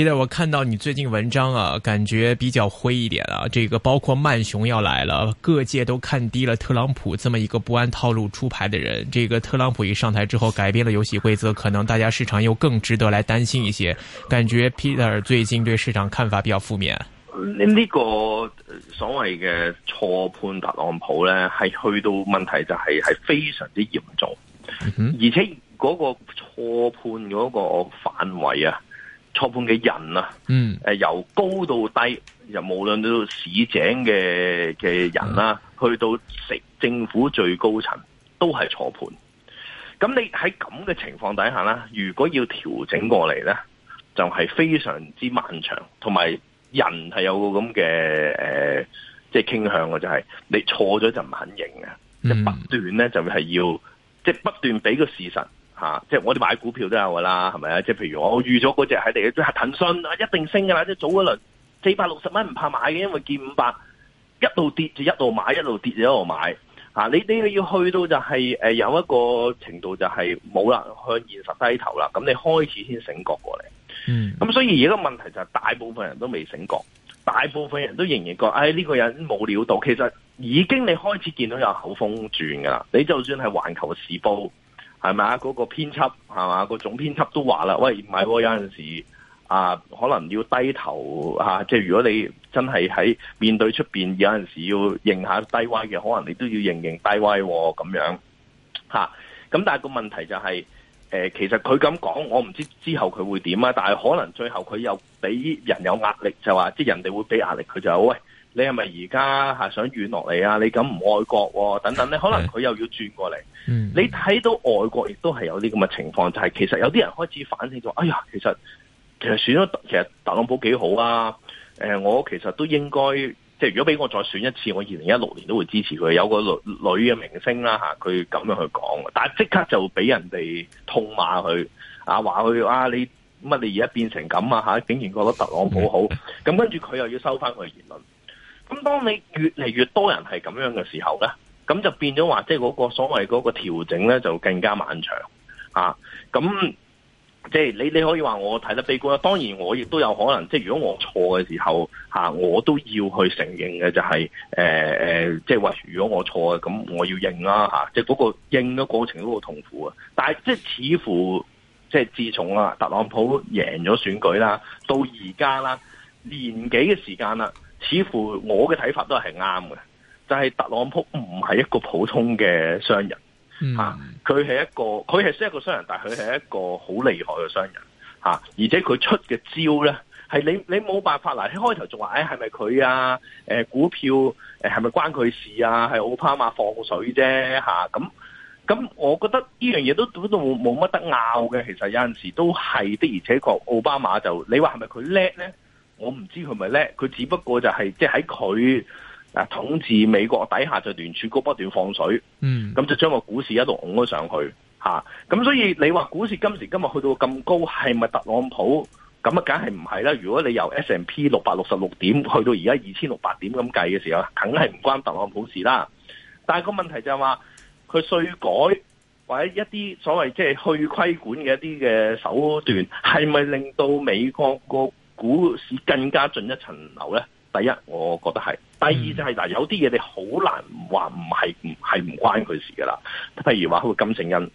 Peter，我看到你最近文章啊，感覺比較灰一點啊。這個包括慢熊要來了，各界都看低了特朗普這麼一個不按套路出牌的人。這個特朗普一上台之後改變了遊戲規則，可能大家市場又更值得來擔心一些。感覺 Peter 最近對市場看法比較負面。呢個所謂嘅錯判特朗普咧，係去到問題就係、是、係非常之嚴重，而且嗰個錯判嗰個範圍啊。錯判嘅人啊，嗯，誒，由高到低，由無論到市井嘅嘅人啦，啊，去到食政府最高層，都係錯判。咁你喺咁嘅情況底下啦，如果要調整過嚟咧，就係、是、非常之漫長，同埋人係有個咁嘅誒，即係傾向嘅，啊、就係、是、你錯咗就唔肯認嘅，嗯，就是、要即不斷咧就係要即係不斷俾個事實。嚇、啊！即係我哋買股票都有噶啦，係咪啊？即係譬如我預咗嗰隻喺地下係騰訊，一定升噶啦！即係早一輪四百六十蚊唔怕買嘅，因為見五百，一路跌就一路買，一路跌就一路買。啊、你你你要去到就係、是呃、有一個程度就係冇啦，向現實低頭啦。咁你開始先醒覺過嚟。嗯。咁、啊、所以而家個問題就係大部分人都未醒覺，大部分人都仍然覺：「哎呢、呢個人冇料到，其實已經你開始見到有口風轉噶啦。你就算係環球時報。係咪啊？嗰個編輯係嘛？個總編輯都話啦，喂，唔係喎，有陣時啊，可能要低頭吓、啊，即係如果你真係喺面對出邊，有陣時要認下低威嘅，可能你都要認認低威咁、啊、樣吓。咁、啊、但係個問題就係、是，誒、啊，其實佢咁講，我唔知之後佢會點啊。但係可能最後佢又俾人有壓力，就話即係人哋會俾壓力佢就，喂。你係咪而家吓想軟落嚟？啊你咁唔愛國、啊、等等咧，可能佢又要轉過嚟。你睇到外國亦都係有啲咁嘅情況，就係其實有啲人開始反省咗。哎呀，其實其實選咗其實特朗普幾好啊。誒、呃，我其實都應該即係如果俾我再選一次，我二零一六年都會支持佢。有個女女嘅明星啦、啊、吓，佢咁樣去講，但係即刻就俾人哋痛罵佢啊，話佢啊你乜你而家變成咁啊吓？竟然覺得特朗普好咁，跟住佢又要收翻佢嘅言論。當你越嚟越多人係咁樣嘅時候咧，咁就變咗話，即係嗰個所謂嗰個調整咧，就更加漫長啊！咁即係你你可以話我睇得悲觀啦。當然我亦都有可能，即係如果我錯嘅時候吓，我都要去承認嘅就係誒誒，即係話如果我錯嘅，咁我要認啦吓。即係嗰個認嘅過程嗰個痛苦啊！但係即係似乎即係自從啦，特朗普贏咗選舉啦，到而家啦年幾嘅時間啦。似乎我嘅睇法都係啱嘅，就係、是、特朗普唔係一個普通嘅商人，吓佢係一個佢係識一個商人，但係佢係一個好厲害嘅商人，吓、啊、而且佢出嘅招咧係你你冇辦法，嗱，你開頭仲話誒係咪佢啊？誒股票誒係咪關佢事啊？係奧巴馬放水啫吓，咁、啊、咁我覺得呢樣嘢都都冇冇乜得拗嘅，其實有陣時都係，的而且確奧巴馬就你話係咪佢叻咧？我唔知佢咪叻，佢只不過就係即係喺佢啊統治美國底下就聯儲局不斷放水，嗯，咁就將個股市一路拱咗上去吓，咁、啊、所以你話股市今時今日去到咁高，係咪特朗普咁啊？梗係唔係啦。如果你由 S and P 六百六十六點去到而家二千六百點咁計嘅時候，梗係唔關特朗普事啦。但係個問題就係、是、話，佢稅改或者一啲所謂即係去規管嘅一啲嘅手段，係咪令到美國個股市更加進一層樓咧，第一我覺得係，第二就係、係、嗱，有啲嘢你好難話唔係唔係唔關佢事噶啦。譬如話佢金正恩，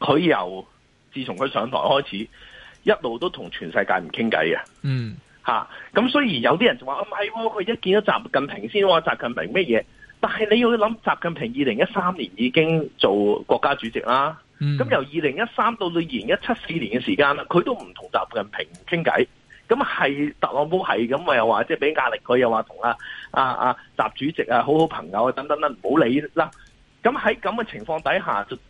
佢由自從佢上台開始，一路都同全世界唔傾偈嘅。嗯、啊，嚇，咁雖然有啲人就話唔係，佢、啊、一見到習近平先，話習近平咩嘢，但係你要諗，習近平二零一三年已經做國家主席啦，咁、嗯、由二零一三到到二零一七四年嘅時間啦，佢都唔同習近平傾偈。咁係特朗普係咁，咪又話即係俾壓力，佢又話同啊啊啊習主席啊好好朋友啊等等啦，唔好理啦。咁喺咁嘅情況底下就，就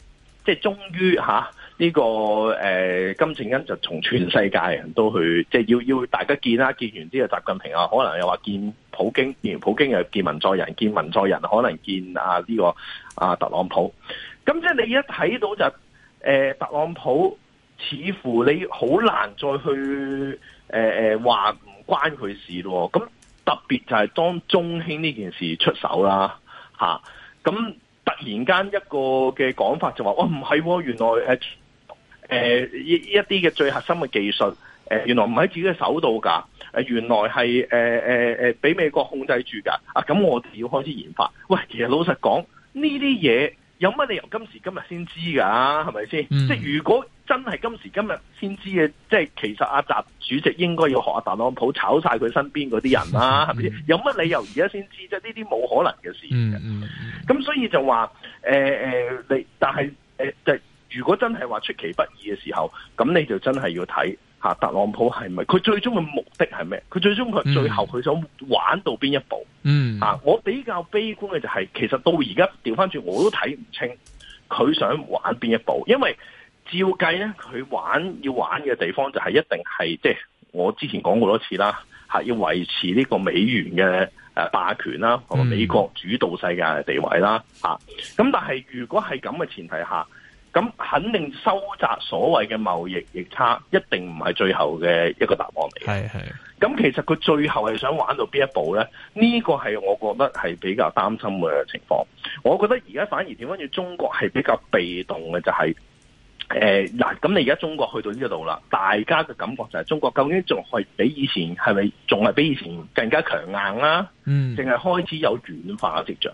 即係終於吓呢個誒、呃、金正恩就從全世界人都去，即係要要大家見啦。見完之後，習近平啊可能又話見普京，見完普京又見文在寅，見文在寅，可能見啊呢、這個啊特朗普。咁即係你一睇到就誒、呃、特朗普，似乎你好難再去。誒誒，話唔、呃、關佢事咯，咁特別就係當中興呢件事出手啦，吓、啊，咁突然間一個嘅講法就話，我唔係，原來誒誒、呃呃、一一啲嘅最核心嘅技術，誒、呃，原來唔喺自己嘅手度噶，誒、呃，原來係誒誒誒，俾、呃呃、美國控制住噶，啊，咁我哋要開始研發，喂，其實老實講呢啲嘢。有乜理由今時今日先知噶、啊？係咪先？嗯、即係如果真係今時今日先知嘅，即係其實阿習主席應該要學阿特朗普炒晒佢身邊嗰啲人啦、啊，係咪先？嗯、有乜理由而家先知啫？呢啲冇可能嘅事嘅。咁、嗯嗯嗯、所以就話，誒、呃、誒、呃，你但係誒、呃就是如果真係話出其不意嘅時候，咁你就真係要睇吓、啊，特朗普係咪佢最終嘅目的係咩？佢最終佢最後佢想玩到邊一步？嗯、啊、我比較悲觀嘅就係、是，其實到而家調翻轉，我都睇唔清佢想玩邊一步。因為照計咧，佢玩要玩嘅地方就係一定係即係我之前講過多次啦、啊，要維持呢個美元嘅誒霸權啦，同、啊、埋美國主導世界嘅地位啦。吓、啊、咁，但係如果係咁嘅前提下。咁肯定收窄所謂嘅貿易逆差，一定唔係最後嘅一個答案嚟嘅。係係，咁其實佢最後係想玩到邊一步咧？呢、這個係我覺得係比較擔心嘅情況。我覺得而家反而調翻轉，中國係比較被動嘅，就係誒嗱、咁、呃、你而家中國去到呢度啦，大家嘅感覺就係中國究竟仲係比以前係咪仲係比以前更加強硬啦、啊？嗯，定係開始有軟化嘅跡象。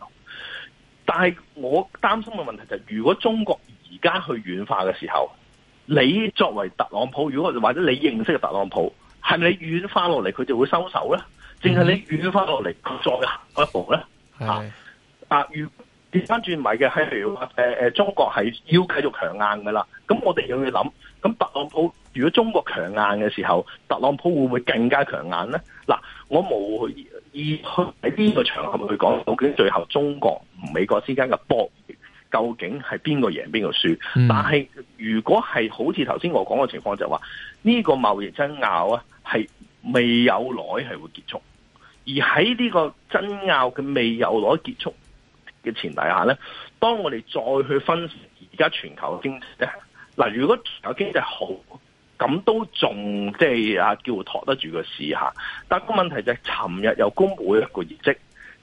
但係我擔心嘅問題就係、是，如果中國。而家去軟化嘅時候，你作為特朗普，如果或者你認識嘅特朗普，係咪軟化落嚟佢就會收手咧？定係你軟化落嚟佢再行一步咧？嚇、mm！Hmm. 啊，迷如跌翻轉位嘅係，例如話誒誒，中國係要繼續強硬嘅啦。咁我哋要去諗，咁特朗普如果中國強硬嘅時候，特朗普會唔會更加強硬咧？嗱、啊，我冇意喺邊個場合去講，究竟最後中國同美國之間嘅博弈。究竟係邊個贏邊個輸？嗯、但係如果係好似頭先我講嘅情況就是說，就話呢個貿易爭拗啊，係未有耐係會結束。而喺呢個爭拗嘅未有耐結束嘅前提下咧，當我哋再去分析而家全球經濟嗱、啊，如果全球經濟好咁都仲即係啊叫，叫托得住個市下。但個問題就係、是，尋日又公布一個業績，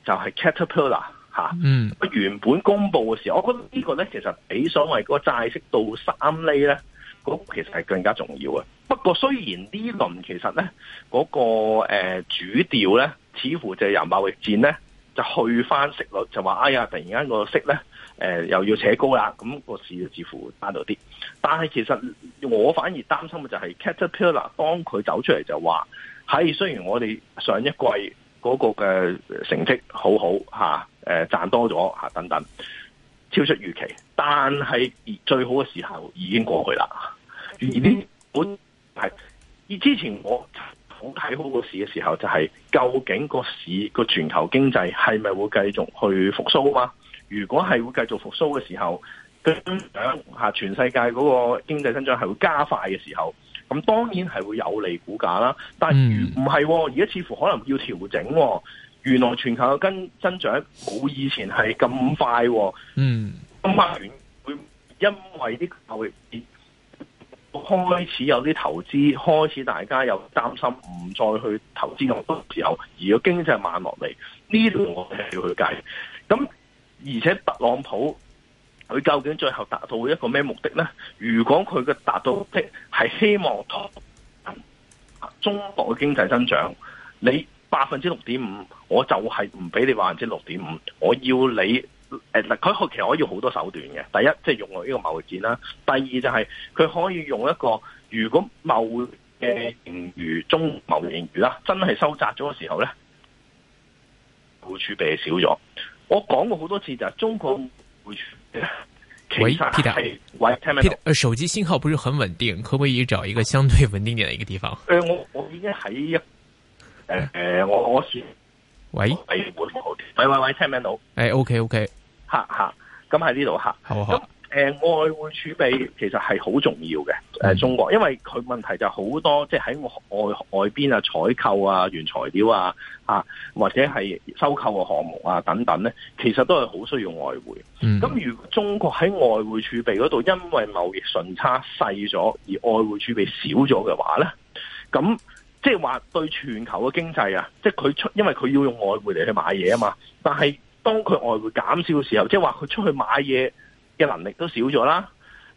就係、是、Caterpillar。啊，嗯，原本公布嘅時候，我覺得這個呢個咧，其實比所謂嗰個債息到三厘咧，嗰、那個、其實係更加重要嘅。不過雖然呢輪其實咧，嗰、那個誒、呃、主調咧，似乎就係由貿易戰咧就去翻息率，就話哎呀，突然間個息咧，誒、呃、又要扯高啦，咁、那個市就似乎翻到啲。但係其實我反而擔心嘅就係 Caterpillar，當佢走出嚟就話，係、哎、雖然我哋上一季。嗰個嘅成績好好吓，誒賺多咗吓等等，超出預期。但係最好嘅時候已經過去啦。而呢，我係而之前我好睇好個市嘅時候，就係究竟個市個全球經濟係咪會繼續去復蘇啊？嘛，如果係會繼續復蘇嘅時候，跟吓全世界嗰個經濟增長係會加快嘅時候。咁當然係會有利股價啦，但唔係，而家似乎可能要調整。原來全球嘅增增長冇以前係咁快，嗯，咁啊，會因為啲頭開始有啲投資，開始大家又擔心唔再去投資咁多時候，而個經濟慢落嚟，呢度我係要去解。咁而且特朗普。佢究竟最後達到一個咩目的咧？如果佢嘅達到目的係希望拖中國嘅經濟增長，你百分之六點五，我就係唔俾你百分之六點五，我要你誒嗱，佢可其實可以用好多手段嘅。第一，即係用我呢個貿易戰啦；第二就係佢可以用一個，如果貿易嘅盈餘中貿易盈餘啦，真係收窄咗嘅時候咧，貿儲備少咗。我講過好多次就係中國貿喂 p 其實係喂，t 唔 m 到？Ay, 手機信號不是很穩定，可唔可以找一個相對穩定點的一個地方？誒、呃，我我應該喺一誒誒，我、呃、我先喂我，喂喂喂，聽唔聽到？誒，OK OK，吓吓，咁喺呢度吓，好好。誒、呃，外匯儲備其實係好重要嘅，誒、呃，中國因為佢問題就好多，即係喺外外外邊啊，採購啊，原材料啊，啊，或者係收購嘅項目啊等等咧，其實都係好需要外匯。咁、嗯、如果中國喺外匯儲備嗰度，因為貿易順差細咗而外匯儲備少咗嘅話咧，咁即係話對全球嘅經濟啊，即係佢出，因為佢要用外匯嚟去買嘢啊嘛。但係當佢外匯減少嘅時候，即係話佢出去買嘢。嘅能力都少咗啦，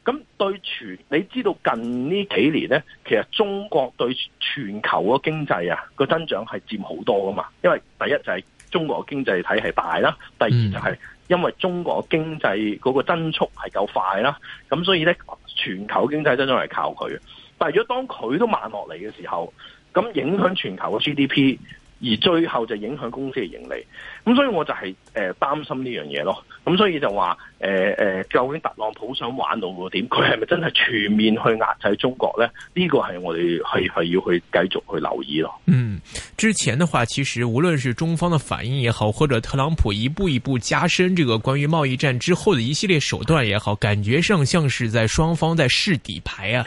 咁對全你知道近呢幾年呢，其實中國對全球嘅經濟啊個增長係佔好多噶嘛，因為第一就係中國經濟體係大啦，第二就係因為中國經濟嗰個增速係夠快啦，咁所以呢，全球經濟增長係靠佢嘅，但係如果當佢都慢落嚟嘅時候，咁影響全球嘅 GDP。而最後就影響公司嘅盈利，咁所以我就係、是、誒、呃、擔心呢樣嘢咯。咁所以就話誒誒，究竟特朗普想玩到個點？佢係咪真係全面去壓制中國呢？呢、這個係我哋係係要去繼續去留意咯。嗯，之前的話，其實無論是中方嘅反應也好，或者特朗普一步一步加深這個關於貿易戰之後嘅一系列手段也好，感覺上像是在雙方在試底牌啊。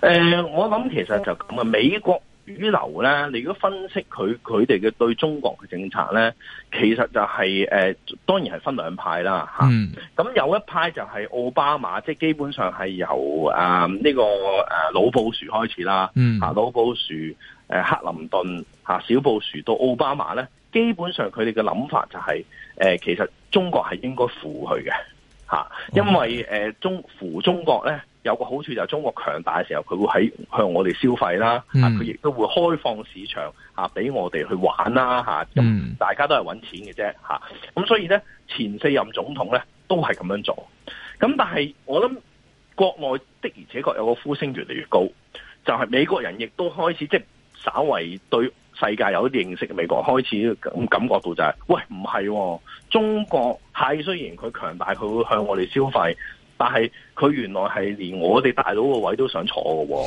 誒、呃，我諗其實就咁啊。美國主流咧，你如果分析佢佢哋嘅對中國嘅政策咧，其實就係、是、誒、呃，當然係分兩派啦吓。咁、嗯啊、有一派就係奧巴馬，即係基本上係由誒呢、啊這個誒、啊、老布殊開始啦，吓、嗯啊、老布殊，誒、呃、克林頓吓、啊、小布殊到奧巴馬咧，基本上佢哋嘅諗法就係、是、誒、呃，其實中國係應該扶佢嘅吓，因為誒、嗯呃、中扶中國咧。有個好處就係中國強大嘅時候，佢會喺向我哋消費啦，佢亦都會開放市場啊，俾我哋去玩啦吓，咁、啊、大家都係搵錢嘅啫吓，咁、啊、所以咧前四任總統咧都係咁樣做，咁但係我諗國內的而且確有個呼聲越嚟越高，就係、是、美國人亦都開始即係稍為對世界有啲認識，美國開始感感覺到就係、是、喂唔係、喎、中國係雖然佢強大，佢會向我哋消費。但係佢原來係連我哋大佬個位都想坐嘅、哦，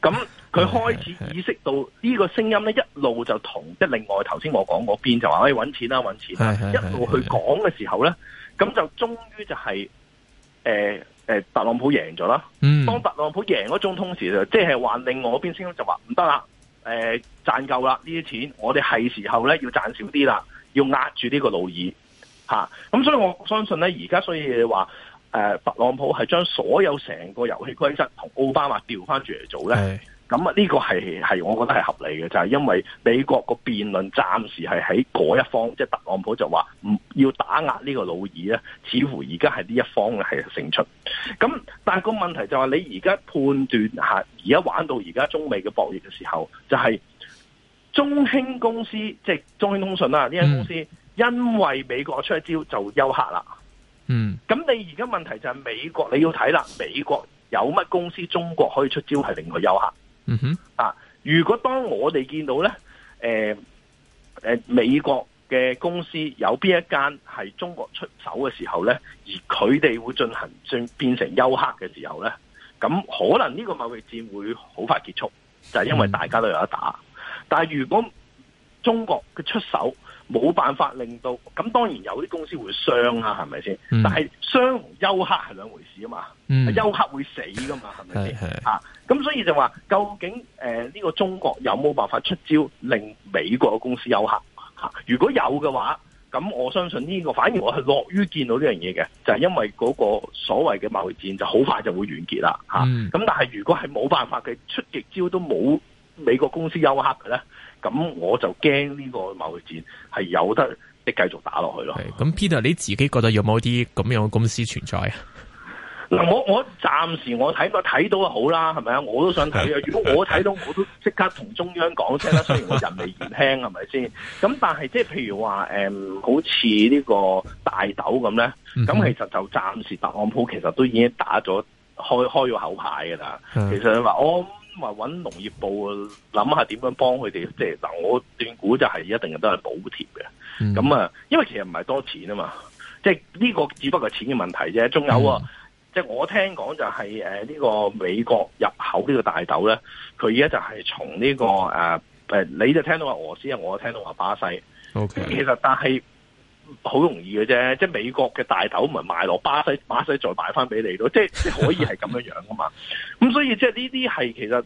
咁佢 開始意識到呢個聲音咧， 一路就同，即 另外頭先我講嗰邊就話，以、哎、搵錢啦、啊，搵錢啦、啊， 一路去講嘅時候咧，咁就終於就係、是，誒、呃、誒、呃，特朗普贏咗啦。嗯、當特朗普贏嗰中通時，就即係話另外嗰邊聲音就話唔得啦，誒、呃，賺夠啦呢啲錢，我哋係時候咧要賺少啲啦，要壓住呢個老二吓。咁、啊、所以我相信咧，而家所以話。誒、呃，特朗普係將所有成個遊戲規則同奧巴馬調翻轉嚟，做咧，咁啊，呢個係，係我覺得係合理嘅，就係、是、因為美國個辯論暫時係喺嗰一方，即、就、係、是、特朗普就話唔要打壓呢個老二咧，似乎而家係呢一方係勝出。咁但係個問題就係你而家判斷下，而家玩到而家中美嘅博弈嘅時候，就係、是、中興公司，即、就、係、是、中興通訊啦，呢間公司因為美國出一招就休克啦。嗯嗯，咁你而家問題就係美國你要睇啦，美國有乜公司中國可以出招係令佢休克？嗯哼，啊，如果當我哋見到咧，誒、呃、誒、呃，美國嘅公司有邊一間係中國出手嘅時候咧，而佢哋會進行變變成休克嘅時候咧，咁可能呢個貿易戰會好快結束，就係、是、因為大家都有得打。嗯、但係如果中國嘅出手，冇辦法令到，咁當然有啲公司會傷啊，係咪先？嗯、但係傷同休克係兩回事啊嘛，嗯、休克會死噶嘛，係咪先？咁、啊、所以就話，究竟呢、呃呢個中國有冇辦法出招令美國嘅公司休克？啊、如果有嘅話，咁我相信呢、呢個反而我係樂於見到呢樣嘢嘅，就係、是、因為嗰個所謂嘅貿易戰就好快就會完結啦。咁、啊嗯啊、但係如果係冇辦法嘅，出極招都冇美國公司休克嘅咧？咁我就驚呢個貿易戰係有得即係繼續打落去咯。咁 Peter 你自己覺得有冇啲咁樣嘅公司存在啊？嗱， 我我暫時我睇到睇到就好啦，係咪啊？我都想睇啊！如果我睇到， 我都即刻同中央講聲啦。雖然我人微言輕，係咪先？咁但係即係譬如話誒、嗯，好似呢個大豆咁咧，咁、嗯、哼其實就暫時特朗普其實都已經打咗開開咗口牌噶啦。 其實你話我。咁啊，揾農業部諗下點樣幫佢哋，即係嗱，我斷估就係一定係都係補貼嘅。咁啊、嗯，因為其實唔係多錢啊嘛，即係呢個只不過係錢嘅問題啫。仲有啊，嗯、即係我聽講就係誒呢個美國入口呢個大豆咧，佢而家就係從呢個誒誒 Okay.、呃，你就聽到話俄斯，我就聽到話巴西。OK，其實但係。好容易嘅啫，即係美國嘅大頭唔係賣落巴西，巴西再買翻俾你咯，即係可以係咁樣樣噶嘛。咁 所以即係呢啲係其實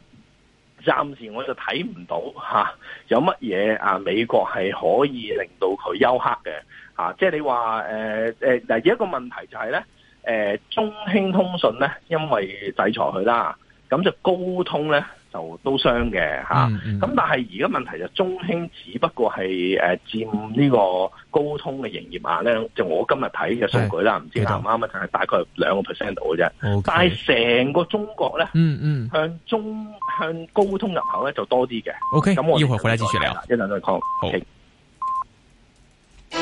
暫時我就睇唔到吓、啊、有乜嘢啊美國係可以令到佢休克嘅、啊、即係你話誒誒，例、呃呃、第一個問題就係、是、咧、誒、呃、中興通訊咧因為制裁佢啦，咁就高通咧。就都傷嘅吓，咁但係而家問題就中興，只不過係，誒佔呢個高通嘅營業額咧，嗯、就我今日睇嘅數據啦，唔、嗯、知啱唔啱啊，就係、嗯、大概兩個 percent 度嘅啫。Okay, 但係成個中國咧、嗯，嗯嗯，向中向高通入口咧就多啲嘅。O K，咁我一會回嚟繼續聊，一陣再講。